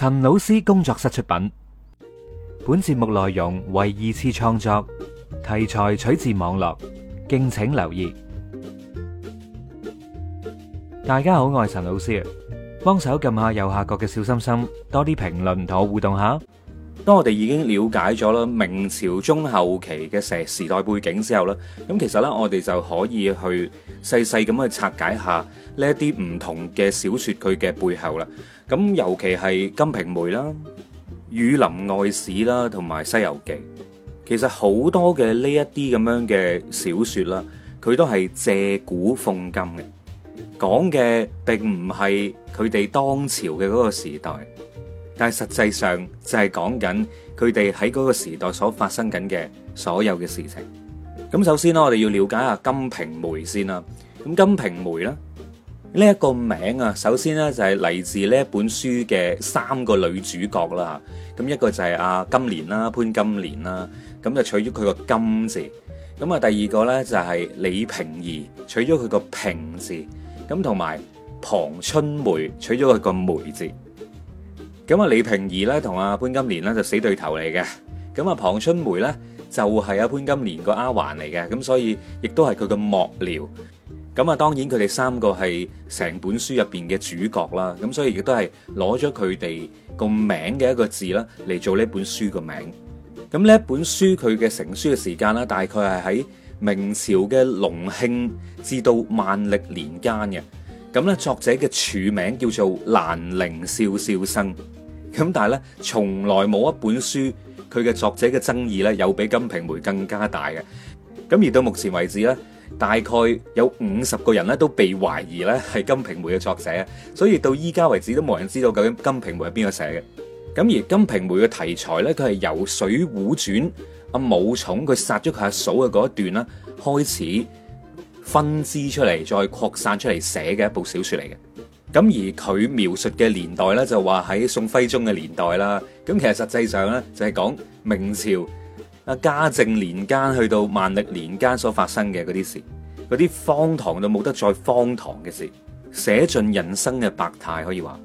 陳老師工作室出品，本節目內容為二次創作，題材取自網絡，敬請留意。大家好，我係陳老師幫手撳下右下角嘅小心心，多啲評論同我互動下。當我哋已經了解咗啦，明朝中後期嘅石時代背景之後啦，咁其實咧我哋就可以去細細咁去拆解一下呢一啲唔同嘅小説佢嘅背後啦。咁尤其係《金瓶梅》啦、《儒林外史》啦，同埋《西遊記》，其實好多嘅呢一啲咁樣嘅小説啦，佢都係借古諷今嘅，講嘅並唔係佢哋當朝嘅嗰個時代。但係實際上就係講緊佢哋喺嗰個時代所發生緊嘅所有嘅事情。咁首先咧，我哋要了解下《金瓶梅》先啦。咁《金瓶梅》咧呢一個名啊，首先呢就係嚟自呢一本書嘅三個女主角啦。咁一個就係阿金蓮啦，潘金蓮啦，咁就取咗佢個金字。咁啊，第二個呢就係李瓶兒，取咗佢個瓶字。咁同埋龐春梅，取咗佢個梅字。咁啊，李瓶兒咧同阿潘金蓮咧就死對頭嚟嘅。咁啊，龐春梅咧就係阿潘金蓮個丫鬟嚟嘅。咁所以亦都係佢嘅幕僚。咁啊，當然佢哋三個係成本書入邊嘅主角啦。咁所以亦都係攞咗佢哋個名嘅一個字啦嚟做呢本書個名字。咁呢一本書佢嘅成書嘅時間啦，大概係喺明朝嘅隆慶至到萬曆年間嘅。咁咧作者嘅署名叫做蘭陵笑笑生。咁但係咧，從來冇一本書佢嘅作者嘅爭議咧，有比《金瓶梅》更加大嘅。咁而到目前為止咧，大概有五十個人咧都被懷疑咧係《金瓶梅》嘅作者，所以到依家為止都冇人知道究竟《金瓶梅》係邊個寫嘅。咁而《金瓶梅》嘅題材咧，佢係由《水滸傳》阿武松佢殺咗佢阿嫂嘅嗰一段啦開始分支出嚟，再擴散出嚟寫嘅一部小說嚟嘅。咁而佢描述嘅年代呢，就話喺宋徽宗嘅年代啦。咁其實實際上呢，就係講明朝啊嘉靖年間去到萬曆年間所發生嘅嗰啲事，嗰啲荒唐到冇得再荒唐嘅事，寫盡人生嘅百態可以話。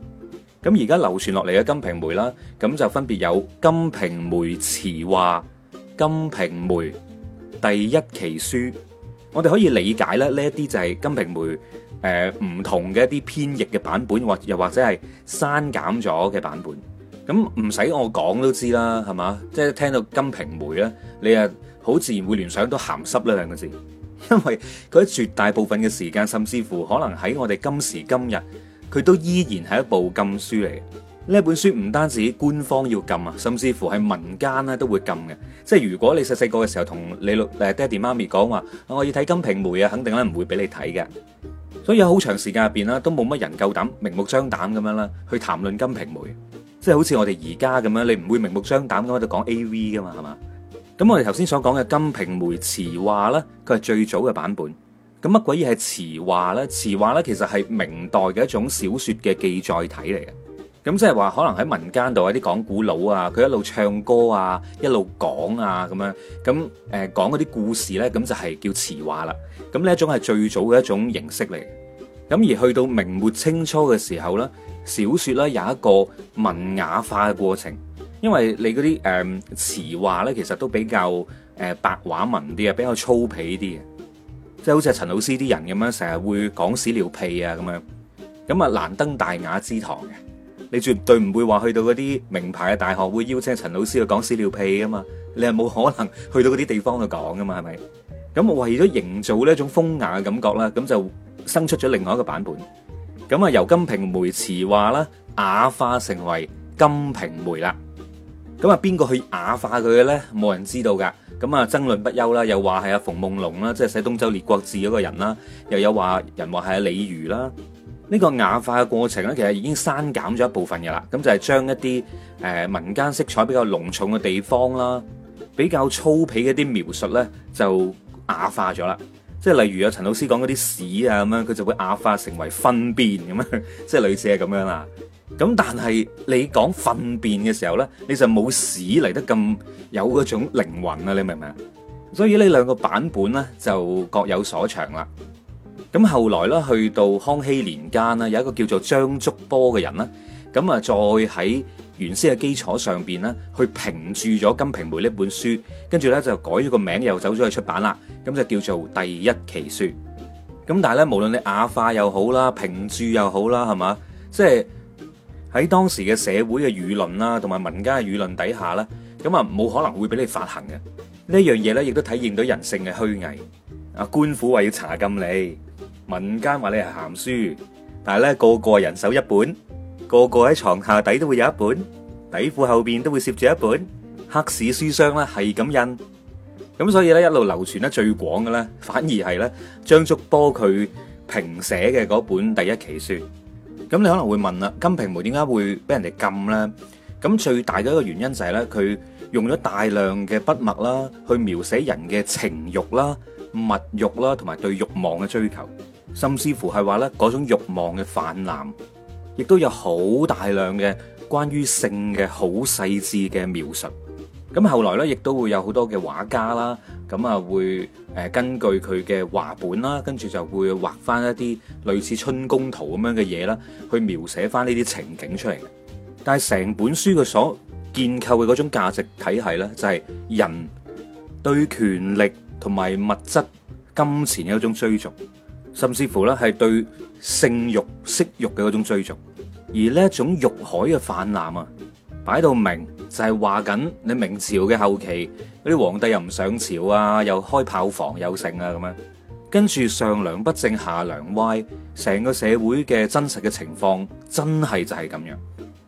咁而家流傳落嚟嘅《金瓶梅》啦，咁就分別有《金瓶梅詞話》《金瓶梅》第一奇書。我哋可以理解咧，呢一啲就係《金瓶梅》。誒唔、呃、同嘅一啲編譯嘅版本，或又或者係刪減咗嘅版本。咁唔使我講都知啦，係嘛？即係聽到《金瓶梅》咧，你啊好自然會聯想到鹹濕呢兩個字，因為佢喺絕大部分嘅時間，甚至乎可能喺我哋今時今日，佢都依然係一部禁書嚟。呢本書唔單止官方要禁啊，甚至乎係民間咧都會禁嘅。即係如果你細細個嘅時候同你老爹哋媽咪講話，我要睇《金瓶梅》啊，肯定咧唔會俾你睇嘅。所以有好長時間入面啦，都冇乜人夠膽明目張膽咁樣啦，去談論《金瓶梅》，即係好似我哋而家咁樣，你唔會明目張膽咁喺度講 A V 噶嘛，係嘛？咁我哋頭先所講嘅《金瓶梅》詞話呢，佢係最早嘅版本。咁乜鬼嘢係詞話呢？詞話呢，其實係明代嘅一種小說嘅記載體嚟嘅。咁即係話，可能喺民間度有啲講古佬啊，佢一路唱歌啊，一路講啊，咁樣咁誒，講嗰啲故事呢，咁就係叫詞話啦。咁呢一種係最早嘅一種形式嚟。咁而去到明末清初嘅時候呢，小說呢有一個文雅化嘅過程，因為你嗰啲誒詞話呢，其實都比較誒、呃、白話文啲啊，比較粗鄙啲嘅，即係好似陳老師啲人咁樣，成日會講屎尿屁啊，咁樣咁啊難登大雅之堂嘅。你絕對唔會話去到嗰啲名牌嘅大學會邀請陳老師去講屎尿屁噶嘛？你係冇可能去到嗰啲地方去講噶嘛？係咪？咁為咗營造呢一種風雅嘅感覺啦，咁就生出咗另外一個版本。咁啊，由金瓶梅詞話啦，雅化成為金瓶梅啦。咁啊，邊個去雅化佢嘅咧？冇人知道噶。咁啊，爭論不休啦，又話係阿馮夢龍啦，即係寫東周列國志嗰個人啦，又有話人話係阿李漁啦。呢個雅化嘅過程咧，其實已經刪減咗一部分嘅啦。咁就係將一啲誒民間色彩比較濃重嘅地方啦，比較粗鄙嘅啲描述咧，就雅化咗啦。即係例如啊，陳老師講嗰啲屎啊咁樣，佢就會雅化成為糞便咁樣，即係類似係咁樣啦。咁但係你講糞便嘅時候咧，你就冇屎嚟得咁有嗰種靈魂啊！你明唔明啊？所以呢兩個版本咧，就各有所長啦。咁後來咧，去到康熙年間咧，有一個叫做張竹波嘅人咧，咁啊再喺原先嘅基礎上邊咧，去評注咗《金瓶梅》呢本書，跟住咧就改咗個名，又走咗去出版啦。咁就叫做第一奇書。咁但係咧，無論你雅化又好啦，評注又好啦，係嘛？即係喺當時嘅社會嘅輿論啦，同埋民間嘅輿論底下咧，咁啊冇可能會俾你發行嘅。呢樣嘢咧，亦都體現到人性嘅虛偽。啊，官府話要查禁你。民間話你係鹹書，但係咧個個人手一本，個個喺床下底都會有一本，底褲後邊都會攝住一本。黑市書商咧係咁印，咁所以咧一路流傳得最廣嘅，咧反而係咧張竹坡佢評寫嘅嗰本第一奇書。咁你可能會問啦，《金瓶梅》點解會俾人哋禁咧？咁最大嘅一個原因就係咧，佢用咗大量嘅筆墨啦，去描寫人嘅情慾啦、物慾啦，同埋對慾望嘅追求。甚至乎係話咧嗰種欲望嘅泛濫，亦都有好大量嘅關於性嘅好細緻嘅描述。咁後來咧，亦都會有好多嘅畫家啦，咁啊會誒根據佢嘅畫本啦，跟住就會畫翻一啲類似春宮圖咁樣嘅嘢啦，去描寫翻呢啲情景出嚟。但係成本書佢所建構嘅嗰種價值體系咧，就係人對權力同埋物質金錢嘅一種追逐。甚至乎咧，係對性欲、色欲嘅嗰種追逐，而呢種欲海嘅泛濫啊，擺到明就係話緊你明朝嘅後期嗰啲皇帝又唔上朝啊，又開炮房又性啊咁樣，跟住上梁不正下梁歪，成個社會嘅真實嘅情況真係就係咁樣，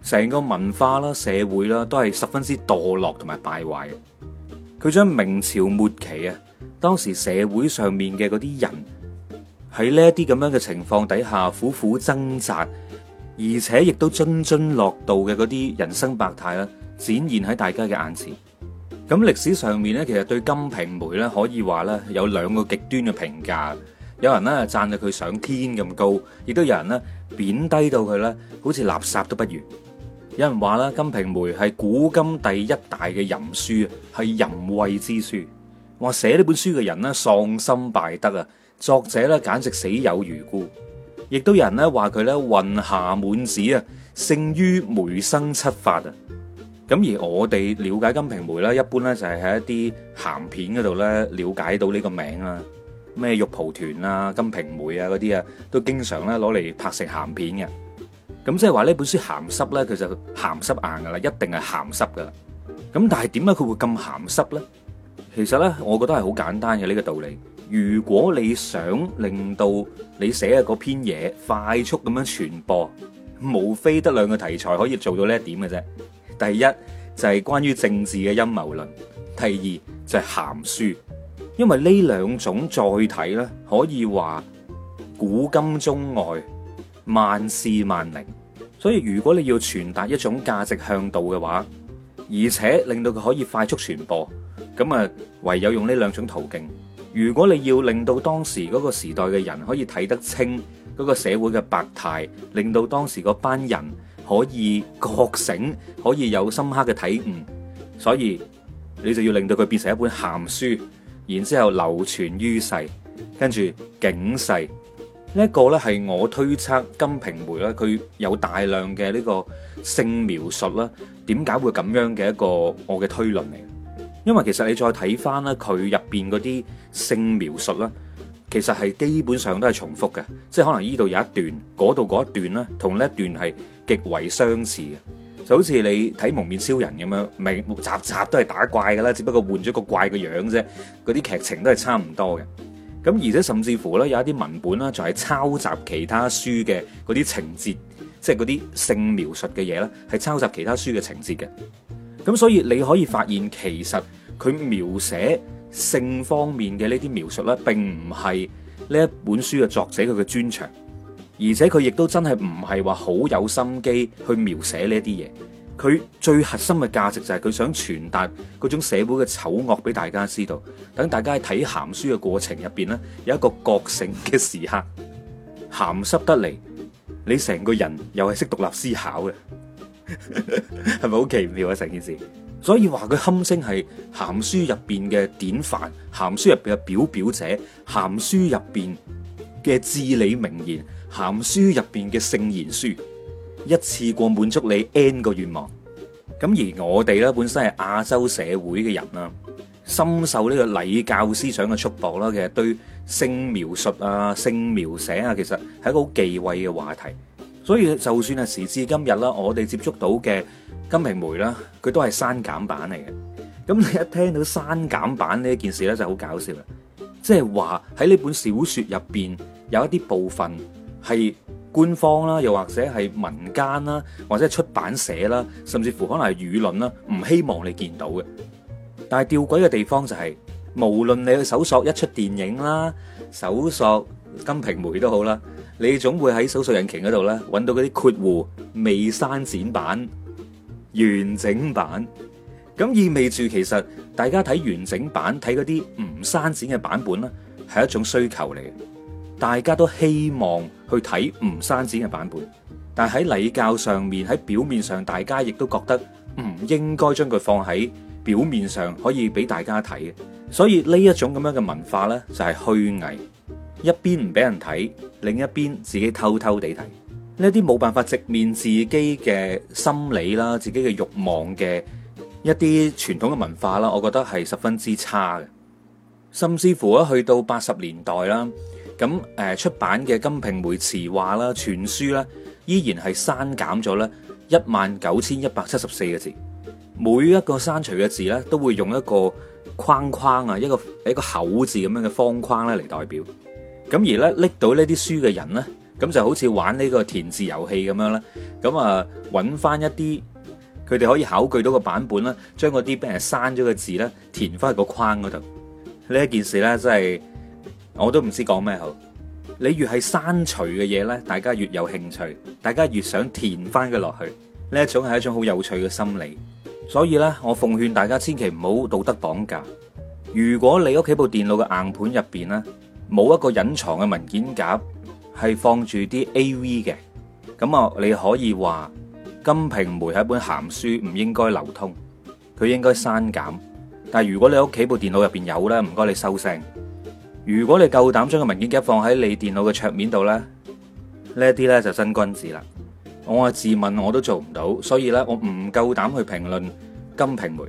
成個文化啦、社會啦都係十分之墮落同埋敗壞嘅。佢將明朝末期啊，當時社會上面嘅嗰啲人，喺呢啲咁樣嘅情況底下，苦苦掙扎，而且亦都津津樂道嘅嗰啲人生百態啦，展現喺大家嘅眼前。咁歷史上面呢，其實對金瓶梅呢可以話呢有兩個極端嘅評價，有人呢讚到佢上天咁高，亦都有人呢貶低到佢呢好似垃圾都不如。有人話啦，《金瓶梅》係古今第一大嘅淫書，係淫穢之書，話寫呢本書嘅人呢喪心敗德啊！作者咧簡直死有餘辜，亦都有人咧話佢咧雲霞滿紙啊勝於梅生七發啊，咁而我哋了解,金了解《金瓶梅》咧，一般咧就係喺一啲咸片嗰度咧了解到呢個名啊，咩玉蒲團啊、金瓶梅啊嗰啲啊，都經常咧攞嚟拍成咸片嘅，咁即係話呢本書咸濕咧，佢就咸濕硬噶啦，一定係咸濕噶啦，咁但係點解佢會咁咸濕咧？其實咧，我覺得係好簡單嘅呢、這個道理。如果你想令到你寫嘅篇嘢快速咁樣傳播，無非得兩個題材可以做到呢一點嘅啫。第一就係、是、關於政治嘅陰謀論，第二就係、是、鹹書。因為呢兩種載體咧，可以話古今中外萬事萬靈。所以如果你要傳達一種價值向導嘅話，而且令到佢可以快速傳播，咁啊唯有用呢兩種途徑。如果你要令到當時嗰個時代嘅人可以睇得清嗰個社會嘅百態，令到當時嗰班人可以覺醒，可以有深刻嘅體悟，所以你就要令到佢變成一本鹹書，然之後流傳於世，跟住警世。呢一個咧係我推測《金瓶梅》咧，佢有大量嘅呢個性描述啦，點解會咁樣嘅一個我嘅推論嚟。因為其實你再睇翻咧，佢入邊嗰啲性描述咧，其實係基本上都係重複嘅，即係可能呢度有一段，嗰度嗰一段咧，同呢一段係極為相似嘅，就好似你睇《蒙面超人》咁樣，明集集都係打怪嘅啦，只不過換咗個怪嘅樣啫，嗰啲劇情都係差唔多嘅。咁而且甚至乎咧，有一啲文本咧，就係抄襲其他書嘅嗰啲情節，即係嗰啲性描述嘅嘢咧，係抄襲其他書嘅情節嘅。咁所以你可以發現，其實佢描寫性方面嘅呢啲描述呢，並唔係呢一本書嘅作者佢嘅專長，而且佢亦都真係唔係話好有心機去描寫呢啲嘢。佢最核心嘅價值就係佢想傳達嗰種社會嘅醜惡俾大家知道，等大家喺睇鹹書嘅過程入面呢，有一個覺醒嘅時刻，鹹濕得嚟，你成個人又係識獨立思考嘅。係咪好奇妙啊？成件事，所以話佢堪稱係《鹹書》入邊嘅典範，《鹹書》入邊嘅表表者，《鹹書》入邊嘅至理名言，《鹹書》入邊嘅聖言書，一次過滿足你 N 個願望。咁而我哋啦，本身係亞洲社會嘅人啊，深受呢個禮教思想嘅束縛啦，其實對性描述啊、性描寫啊，其實係一個好忌諱嘅話題。所以就算係時至今日啦，我哋接觸到嘅《金瓶梅》啦，佢都係刪減版嚟嘅。咁你一聽到刪減版呢件事呢，就好搞笑啦。即係話喺呢本小説入邊有一啲部分係官方啦，又或者係民間啦，或者係出版社啦，甚至乎可能係輿論啦，唔希望你見到嘅。但係吊詭嘅地方就係，無論你去搜索一出電影啦，搜索《金瓶梅》都好啦。你總會喺搜索引擎嗰度揾到嗰啲括弧未刪剪版完整版，咁意味住其實大家睇完整版睇嗰啲唔刪剪嘅版本呢係一種需求嚟，大家都希望去睇唔刪剪嘅版本，但喺禮教上面喺表面上，大家亦都覺得唔應該將佢放喺表面上可以俾大家睇嘅，所以呢一種咁樣嘅文化呢就係虛偽。一邊唔俾人睇，另一邊自己偷偷地睇，呢啲冇辦法直面自己嘅心理啦，自己嘅欲望嘅一啲傳統嘅文化啦，我覺得係十分之差嘅。甚至乎去到八十年代啦，咁誒出版嘅《金瓶梅詞話》啦，全書啦，依然係刪減咗咧一萬九千一百七十四個字，每一個刪除嘅字咧，都會用一個框框啊，一個一個口字咁樣嘅方框咧嚟代表。咁而咧，拎到呢啲書嘅人咧，咁就好似玩呢個填字遊戲咁樣啦。咁啊揾翻一啲佢哋可以考據到嘅版本啦，將嗰啲俾人刪咗嘅字咧填翻去個框嗰度。呢一件事咧，真係我都唔知講咩好。你越係刪除嘅嘢咧，大家越有興趣，大家越想填翻佢落去。呢一種係一種好有趣嘅心理。所以咧，我奉勸大家千祈唔好道德綁架。如果你屋企部電腦嘅硬盤入邊咧，冇一個隱藏嘅文件夾係放住啲 AV 嘅，咁啊你可以話《金瓶梅》係一本鹹書，唔應該流通，佢應該刪減。但係如果你屋企部電腦入邊有咧，唔該你收聲。如果你夠膽將個文件夾放喺你電腦嘅桌面度咧，呢一啲咧就真君子啦。我啊自問我都做唔到，所以咧我唔夠膽去評論《金瓶梅》。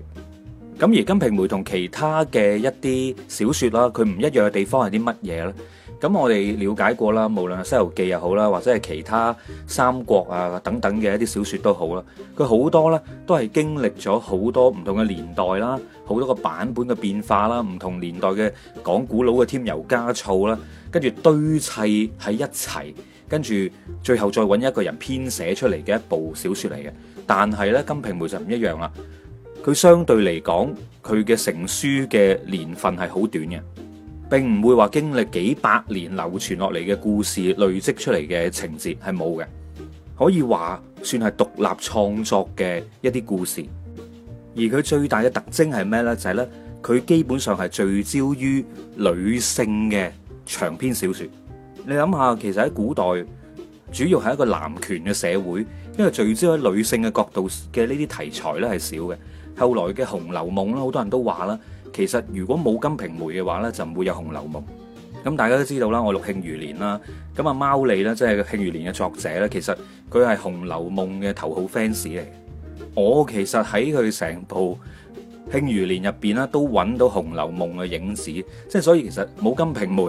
咁而《金瓶梅》同其他嘅一啲小説啦，佢唔一樣嘅地方係啲乜嘢呢？咁我哋了解過啦，無論係《西遊記》又好啦，或者係其他《三國》啊等等嘅一啲小説都好啦，佢好多呢，都係經歷咗好多唔同嘅年代啦，好多個版本嘅變化啦，唔同年代嘅講古佬嘅添油加醋啦，跟住堆砌喺一齊，跟住最後再揾一個人編寫出嚟嘅一部小説嚟嘅。但係呢，《金瓶梅》就唔一樣啦。佢相對嚟講，佢嘅成書嘅年份係好短嘅，並唔會話經歷幾百年流傳落嚟嘅故事累積出嚟嘅情節係冇嘅，可以話算係獨立創作嘅一啲故事。而佢最大嘅特徵係咩咧？就係咧，佢基本上係聚焦於女性嘅長篇小說。你諗下，其實喺古代主要係一個男權嘅社會，因為聚焦喺女性嘅角度嘅呢啲題材咧係少嘅。後來嘅《紅樓夢》啦，好多人都話啦，其實如果冇《金瓶梅》嘅話呢，就唔會有《紅樓夢》。咁大家都知道啦，我陸慶餘年啦，咁啊貓膩呢，即係《慶餘年》嘅作者呢，其實佢係《紅樓夢》嘅頭號 fans 嚟。我其實喺佢成部《慶餘年》入邊啦，都揾到《紅樓夢》嘅影子，即係所以其實冇《金瓶梅》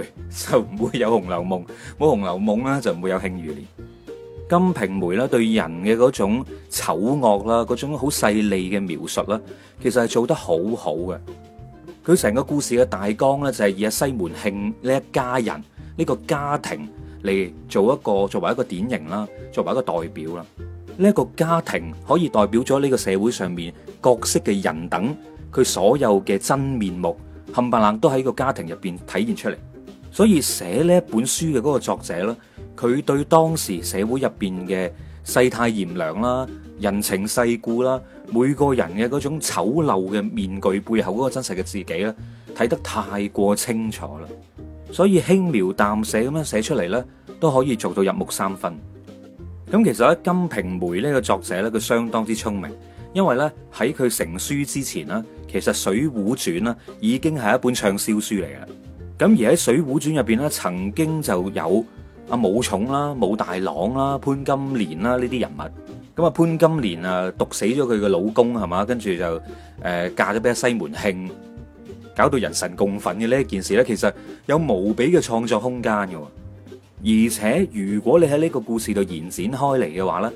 就唔會有《紅樓夢》，冇《紅樓夢》呢就唔會有《慶餘年》。《金瓶梅》啦，對人嘅嗰種醜惡啦，嗰種好細膩嘅描述啦，其實係做得很好好嘅。佢成個故事嘅大綱咧，就係以西門慶呢一家人呢，這個家庭嚟，做一個作為一個典型啦，作為一個代表啦。呢、這、一個家庭可以代表咗呢個社會上面各色嘅人等，佢所有嘅真面目冚唪唥都喺個家庭入邊體現出嚟。所以寫呢本書嘅嗰個作者呢，佢對當時社會入邊嘅世態炎涼啦、人情世故啦、每個人嘅嗰種醜陋嘅面具背後嗰個真實嘅自己啦，睇得太過清楚啦，所以輕描淡寫咁樣寫出嚟，呢都可以做到入木三分。咁其實喺《金瓶梅》呢個作者呢，佢相當之聰明，因為呢喺佢成書之前呢其實《水滸傳》呢已經係一本暢銷書嚟嘅。咁而喺《水滸傳》入邊咧，曾經就有阿武松啦、武大郎啦、潘金蓮啦呢啲人物。咁啊，潘金蓮啊，毒死咗佢嘅老公係嘛，跟住就誒嫁咗俾阿西門慶，搞到人神共憤嘅呢一件事咧，其實有無比嘅創作空間嘅。而且如果你喺呢個故事度延展開嚟嘅話咧，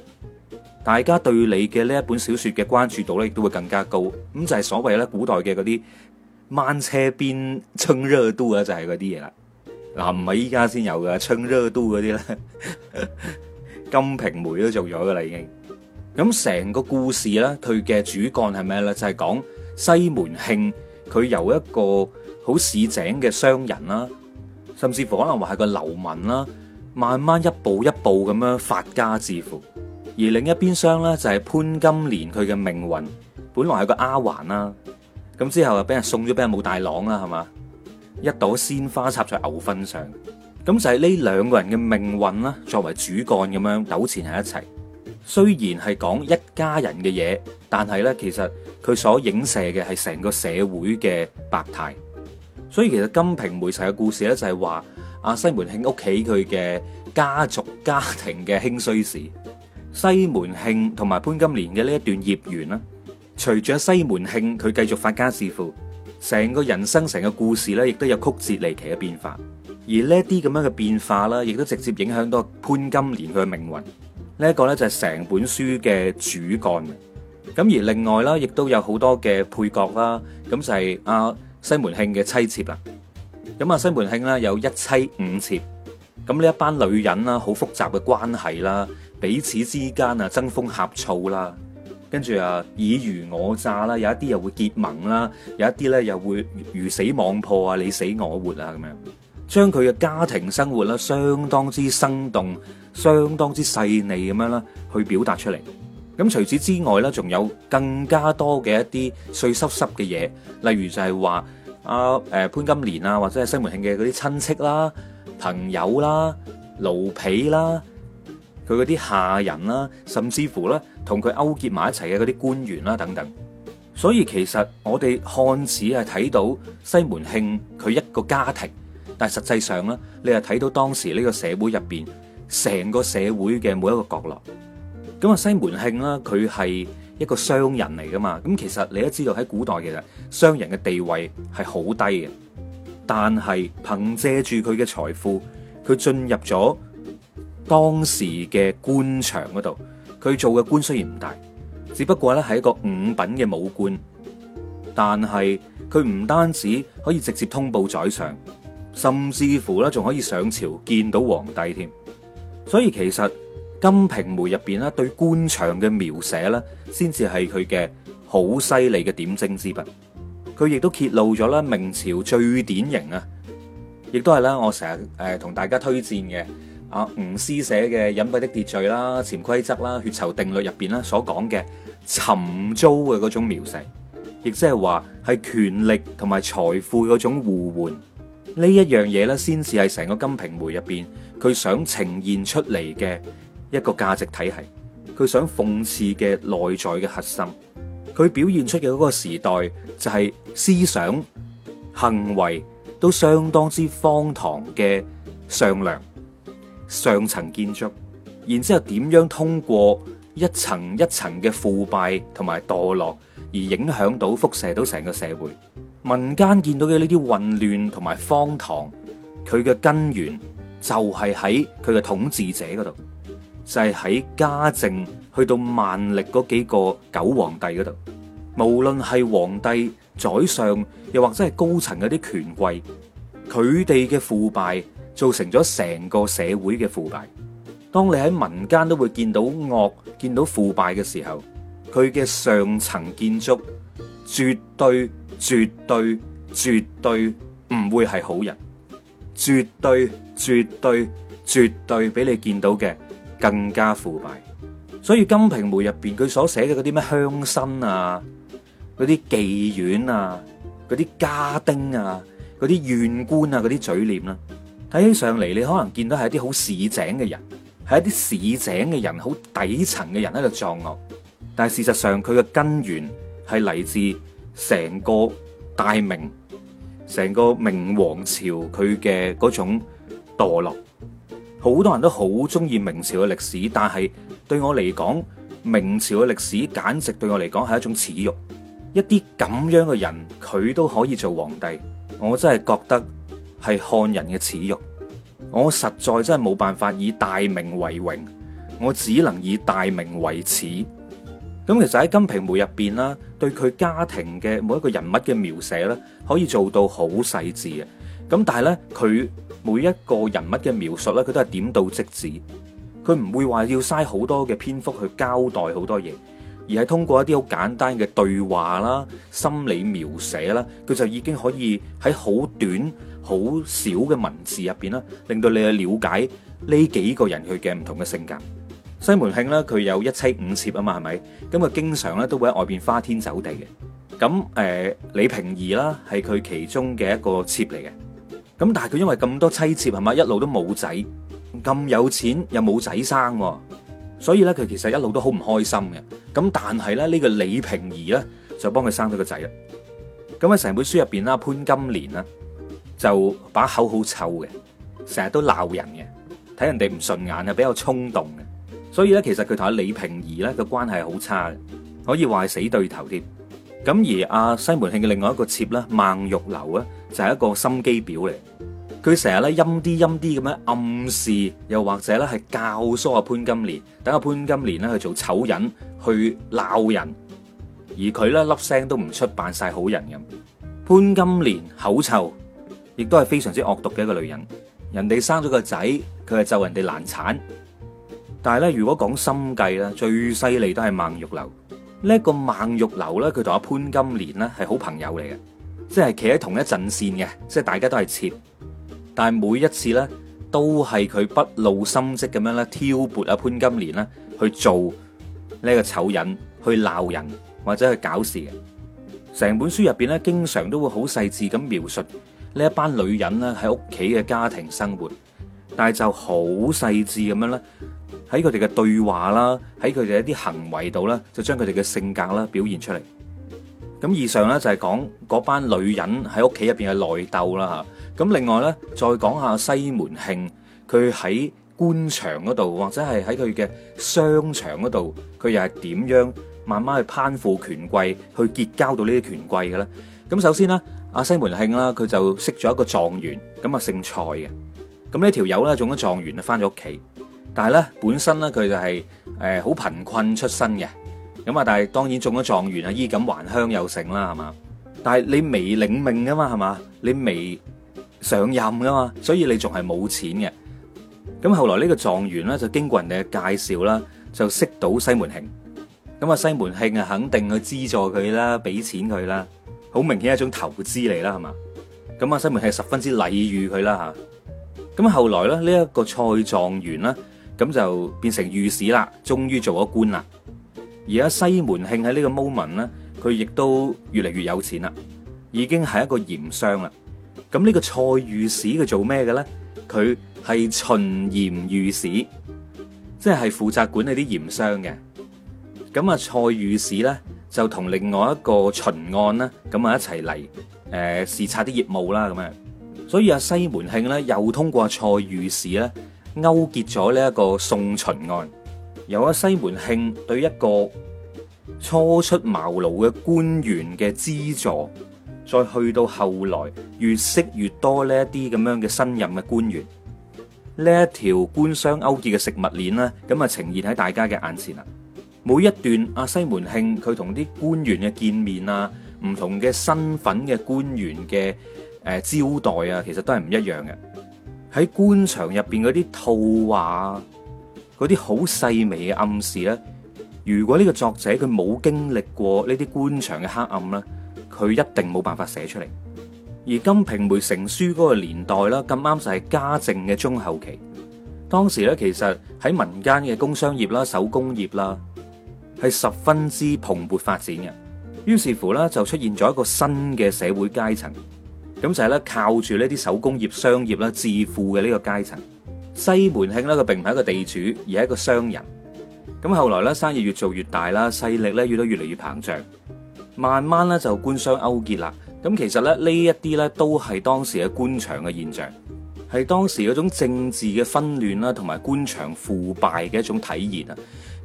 大家對你嘅呢一本小說嘅關注度咧，亦都會更加高。咁就係所謂咧古代嘅嗰啲。掹車邊蹭熱度啊，就係嗰啲嘢啦。嗱，唔係依家先有噶，蹭熱度嗰啲咧， 《金瓶梅》都做咗噶啦已經。咁成個故事咧，佢嘅主幹係咩咧？就係、是、講西門慶，佢由一個好市井嘅商人啦，甚至乎可能話係個流民啦，慢慢一步一步咁樣發家致富。而另一邊廂咧，就係、是、潘金蓮佢嘅命運，本來係個丫鬟啦。咁之後啊，俾人送咗俾人武大郎啦，係嘛？一朵鮮花插在牛糞上，咁就係呢兩個人嘅命運啦，作為主角咁樣糾纏喺一齊。雖然係講一家人嘅嘢，但係咧，其實佢所影射嘅係成個社會嘅百態。所以其實《金瓶梅》成個故事咧，就係話阿西門慶屋企佢嘅家族家庭嘅興衰史，西門慶同埋潘金蓮嘅呢一段孽緣啦。隨住西門慶佢繼續發家致富，成個人生成個故事咧，亦都有曲折離奇嘅變化。而呢啲咁樣嘅變化啦，亦都直接影響到潘金蓮佢嘅命運。呢、這、一個咧就係成本書嘅主幹。咁而另外啦，亦都有好多嘅配角啦。咁就係、是、阿西門慶嘅妻妾啦。咁啊，西門慶啦有一妻五妾。咁呢一班女人啦，好複雜嘅關係啦，彼此之間啊爭風呷醋啦。跟住啊，爾虞我詐啦，有一啲又會結盟啦，有一啲咧又會魚死網破啊，你死我活啊咁樣，將佢嘅家庭生活啦，相當之生動，相當之細膩咁樣啦，去表達出嚟。咁除此之外咧，仲有更加多嘅一啲碎濕濕嘅嘢，例如就係話啊，潘金蓮啊，或者係西門慶嘅嗰啲親戚啦、朋友啦、奴婢啦。佢嗰啲下人啦，甚至乎啦，同佢勾結埋一齊嘅嗰啲官員啦，等等。所以其實我哋看似係睇到西門慶佢一個家庭，但係實際上咧，你係睇到當時呢個社會入邊成個社會嘅每一個角落。咁啊，西門慶啦，佢係一個商人嚟噶嘛。咁其實你都知道喺古代其實商人嘅地位係好低嘅，但係憑借住佢嘅財富，佢進入咗。當時嘅官場嗰度，佢做嘅官雖然唔大，只不過咧係一個五品嘅武官，但係佢唔單止可以直接通報宰相，甚至乎咧仲可以上朝見到皇帝添。所以其實《金瓶梅》入邊咧對官場嘅描寫咧，先至係佢嘅好犀利嘅點睛之筆。佢亦都揭露咗啦明朝最典型啊，亦都係咧我成日誒同大家推薦嘅。啊，吳思寫嘅《隱蔽的秩序》啦，《潛規則》啦，《血酬定律》入邊啦，所講嘅尋租嘅嗰種描寫，亦即係話係權力同埋財富嗰種互換呢一樣嘢咧，先至係成個《金瓶梅》入邊佢想呈現出嚟嘅一個價值體系，佢想諷刺嘅內在嘅核心，佢表現出嘅嗰個時代就係思想行為都相當之荒唐嘅上梁上層建築，然之後點樣通過一層一層嘅腐敗同埋墮落，而影響到輻射到成個社會，民間見到嘅呢啲混亂同埋荒唐，佢嘅根源就係喺佢嘅統治者嗰度，就係喺嘉靖去到萬曆嗰幾個九皇帝嗰度，無論係皇帝、宰相又或者係高層嗰啲權貴，佢哋嘅腐敗。造成咗成個社會嘅腐敗。當你喺民間都會見到惡，見到腐敗嘅時候，佢嘅上層建築絕對、絕對、絕對唔會係好人。絕對、絕對、絕對、絕對比你見到嘅更加腐敗。所以《金瓶梅》入邊佢所寫嘅嗰啲咩鄉紳啊，嗰啲妓院啊，嗰啲家丁啊，嗰啲縣官啊，嗰啲嘴臉啦、啊。睇起上嚟，你可能見到係一啲好市井嘅人，係一啲市井嘅人、好底層嘅人喺度作惡。但係事實上，佢嘅根源係嚟自成個大明、成個明王朝佢嘅嗰種墮落。好多人都好中意明朝嘅歷史，但係對我嚟講，明朝嘅歷史簡直對我嚟講係一種恥辱。一啲咁樣嘅人，佢都可以做皇帝，我真係覺得。係漢人嘅恥辱，我實在真係冇辦法以大明為榮，我只能以大明為恥。咁其實喺《金瓶梅》入邊啦，對佢家庭嘅每一個人物嘅描寫呢，可以做到好細緻嘅。咁但係呢，佢每一個人物嘅描述呢，佢都係點到即止，佢唔會話要嘥好多嘅篇幅去交代好多嘢。而係通過一啲好簡單嘅對話啦、心理描寫啦，佢就已經可以喺好短、好少嘅文字入邊啦，令到你去了解呢幾個人佢嘅唔同嘅性格。西門慶咧，佢有一妻五妾啊嘛，係咪？咁佢經常咧都會喺外邊花天酒地嘅。咁誒、呃，李平兒啦，係佢其中嘅一個妾嚟嘅。咁但係佢因為咁多妻妾係咪？一路都冇仔，咁有錢又冇仔生、啊。所以咧，佢其實一路都好唔開心嘅。咁但係咧，呢個李瓶兒咧就幫佢生咗個仔啦。咁喺成本書入邊啦，潘金蓮啦就把口好臭嘅，成日都鬧人嘅，睇人哋唔順眼啊，比較衝動嘅。所以咧，其實佢同阿李瓶兒咧嘅關係好差嘅，可以話係死對頭添。咁而阿西門慶嘅另外一個妾啦，孟玉樓咧就係、是、一個心機婊。嚟佢成日咧陰啲陰啲咁樣暗示，又或者咧係教唆阿潘金蓮，等阿潘金蓮咧去做醜人，去鬧人。而佢咧粒聲都唔出，扮晒好人咁。潘金蓮口臭，亦都係非常之惡毒嘅一個女人。人哋生咗個仔，佢係咒人哋難產。但係咧，如果講心計咧，最犀利都係孟玉樓。呢一個孟玉樓咧，佢同阿潘金蓮咧係好朋友嚟嘅，即係企喺同一陣線嘅，即係大家都係妾。但係每一次咧，都係佢不露心迹咁樣咧挑撥啊潘金蓮咧去做呢一個醜人，去鬧人或者去搞事嘅。成本書入邊咧，經常都會好細緻咁描述呢一班女人咧喺屋企嘅家庭生活，但係就好細緻咁樣咧喺佢哋嘅對話啦，喺佢哋一啲行為度咧，就將佢哋嘅性格啦表現出嚟。咁以上咧就係講嗰班女人喺屋企入邊嘅內鬥啦吓，咁另外咧再講下西門慶，佢喺官場嗰度或者係喺佢嘅商場嗰度，佢又係點樣慢慢去攀附權貴，去結交到呢啲權貴嘅咧？咁首先啦，阿西門慶啦，佢就識咗一個狀元，咁啊姓蔡嘅，咁、這個、呢條友咧中咗狀元啊，翻咗屋企，但係咧本身咧佢就係誒好貧困出身嘅。咁啊！但係當然中咗狀元啊，衣錦還鄉又成啦，係嘛？但係你未領命啊嘛，係嘛？你未上任啊嘛，所以你仲係冇錢嘅。咁後來呢個狀元咧，就經過人哋嘅介紹啦，就識到西門慶。咁啊，西門慶啊，肯定去資助佢啦，俾錢佢啦，好明顯係一種投資嚟啦，係嘛？咁啊，西門慶十分之禮遇佢啦吓，咁後來咧，呢一個蔡狀元啦，咁就變成御史啦，終於做咗官啦。而阿西門慶喺呢個 moment 咧，佢亦都越嚟越有錢啦，已經係一個鹽商啦。咁呢個蔡御史佢做咩嘅咧？佢係巡鹽御史，即係負責管理啲鹽商嘅。咁啊，蔡御史咧就同另外一個巡按啦，咁啊一齊嚟誒視察啲業務啦咁樣。所以阿西門慶咧又通過蔡御史咧勾結咗呢一個宋巡按。由阿西門慶對一個初出茅廬嘅官員嘅資助，再去到後來越識越多呢一啲咁樣嘅新任嘅官員，呢一條官商勾結嘅食物鏈啦，咁啊呈現喺大家嘅眼前啊！每一段阿西門慶佢同啲官員嘅見面啊，唔同嘅身份嘅官員嘅誒、呃、招待啊，其實都係唔一樣嘅。喺官場入邊嗰啲套話。嗰啲好細微嘅暗示咧，如果呢個作者佢冇經歷過呢啲官場嘅黑暗咧，佢一定冇辦法寫出嚟。而《金瓶梅》成書嗰個年代啦，咁啱就係嘉靖嘅中後期。當時咧，其實喺民間嘅工商業啦、手工業啦，係十分之蓬勃發展嘅。於是乎咧，就出現咗一個新嘅社會階層，咁就係咧，靠住呢啲手工業、商業啦致富嘅呢個階層。西門慶咧，佢並唔係一個地主，而係一個商人。咁後來咧，生意越做越大啦，勢力咧，越嚟越嚟越膨脹。慢慢咧，就官商勾結啦。咁其實咧，呢一啲咧，都係當時嘅官場嘅現象，係當時嗰種政治嘅紛亂啦，同埋官場腐敗嘅一種體現啊。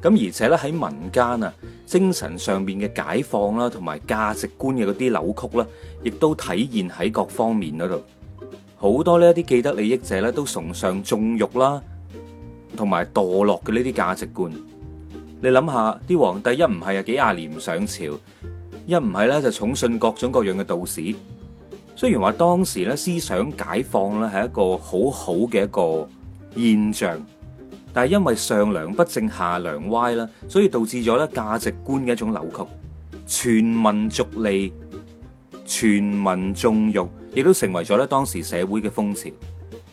咁而且咧，喺民間啊，精神上面嘅解放啦，同埋價值觀嘅嗰啲扭曲啦，亦都體現喺各方面嗰度。好多呢啲既得利益者咧，都崇尚縱欲啦，同埋墮落嘅呢啲價值觀。你諗下，啲皇帝一唔係啊幾廿年唔上朝，一唔係咧就寵信各種各樣嘅道士。雖然話當時咧，思想解放咧，係一個好好嘅一個現象，但係因為上梁不正下梁歪啦，所以導致咗咧，價值觀嘅一種扭曲，全民逐利，全民縱欲。亦都成為咗咧，當時社會嘅風潮。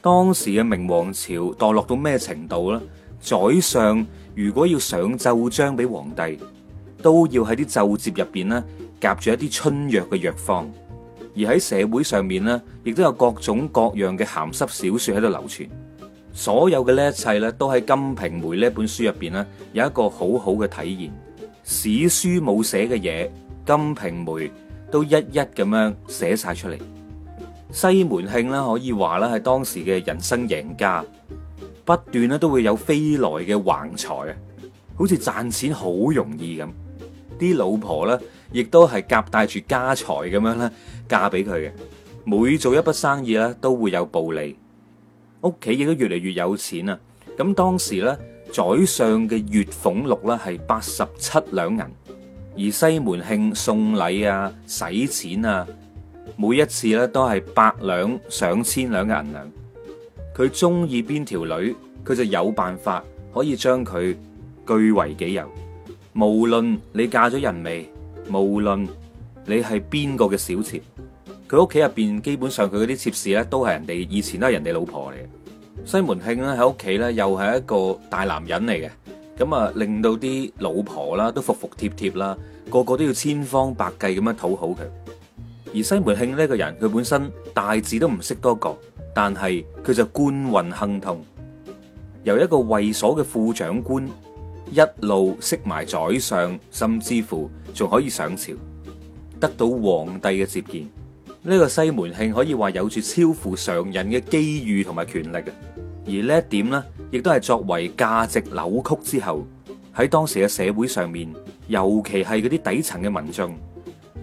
當時嘅明王朝墮落到咩程度咧？宰相如果要上奏章俾皇帝，都要喺啲奏折入邊咧夾住一啲春藥嘅藥方。而喺社會上面咧，亦都有各種各樣嘅鹹濕小說喺度流傳。所有嘅呢一切咧，都喺《金瓶梅》呢本書入邊咧有一個好好嘅體現。史書冇寫嘅嘢，《金瓶梅》都一一咁樣寫晒出嚟。西門慶啦，可以話啦，係當時嘅人生贏家，不斷咧都會有飛來嘅橫財啊，好似賺錢好容易咁。啲老婆咧，亦都係夾帶住家財咁樣咧嫁俾佢嘅。每做一筆生意咧，都會有暴利，屋企亦都越嚟越有錢啊。咁當時咧，宰相嘅月俸祿咧係八十七兩銀，而西門慶送禮啊、使錢啊。每一次咧都係百兩上千兩嘅銀兩，佢中意邊條女，佢就有辦法可以將佢據為己有。無論你嫁咗人未，無論你係邊個嘅小妾，佢屋企入邊基本上佢嗰啲妾侍咧都係人哋以前都係人哋老婆嚟嘅。西門慶咧喺屋企咧又係一個大男人嚟嘅，咁啊，令到啲老婆啦都服服帖帖啦，個個都要千方百計咁樣討好佢。而西門慶呢個人，佢本身大字都唔識多個，但係佢就官運亨通，由一個衛所嘅副長官一路識埋宰相，甚至乎仲可以上朝，得到皇帝嘅接見。呢個西門慶可以話有住超乎常人嘅機遇同埋權力嘅，而呢一點呢，亦都係作為價值扭曲之後喺當時嘅社會上面，尤其係嗰啲底層嘅民眾。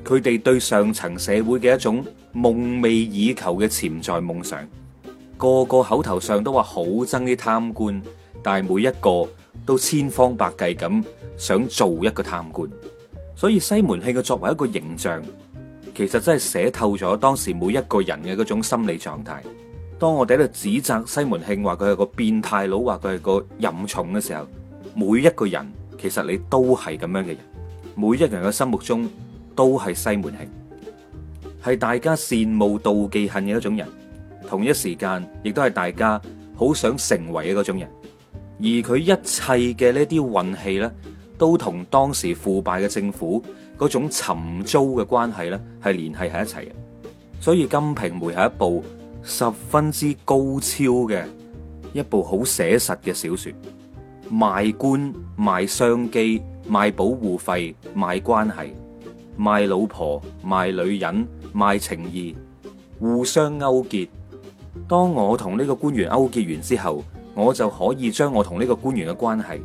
佢哋對上層社會嘅一種夢寐以求嘅潛在夢想，個個口頭上都話好憎啲貪官，但係每一個都千方百計咁想做一個貪官。所以西門慶嘅作為一個形象，其實真係寫透咗當時每一個人嘅嗰種心理狀態。當我哋喺度指責西門慶話佢係個變態佬，話佢係個淫蟲嘅時候，每一個人其實你都係咁樣嘅人，每一個人嘅心目中，都係西門慶，係大家羨慕妒忌恨嘅一種人，同一時間亦都係大家好想成為嘅嗰種人。而佢一切嘅呢啲運氣呢，都同當時腐敗嘅政府嗰種尋租嘅關係呢係聯繫喺一齊嘅。所以《金瓶梅》係一部十分之高超嘅一部好寫實嘅小說，賣官、賣商機、賣保護費、賣關係。賣老婆、賣女人、賣情意，互相勾結。當我同呢個官員勾結完之後，我就可以將我同呢個官員嘅關係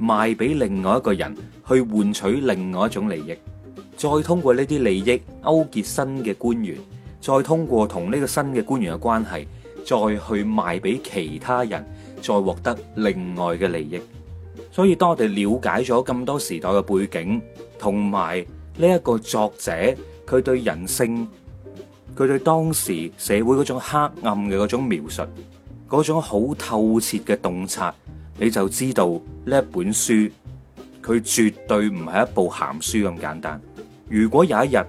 賣俾另外一個人，去換取另外一種利益。再通過呢啲利益勾結新嘅官員，再通過同呢個新嘅官員嘅關係，再去賣俾其他人，再獲得另外嘅利益。所以當我哋了解咗咁多時代嘅背景，同埋。呢一個作者佢對人性，佢對當時社會嗰種黑暗嘅嗰種描述，嗰種好透徹嘅洞察，你就知道呢一本書佢絕對唔係一部鹹書咁簡單。如果有一日《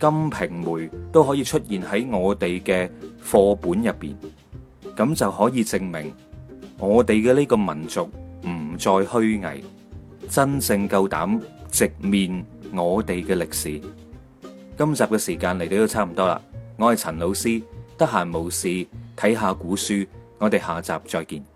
金瓶梅》都可以出現喺我哋嘅課本入邊，咁就可以證明我哋嘅呢個民族唔再虛偽，真正夠膽直面。我哋嘅歷史，今集嘅時間嚟到都差唔多啦。我係陳老師，得閒無事睇下古書，我哋下集再見。